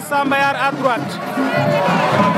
Sambayar à droite.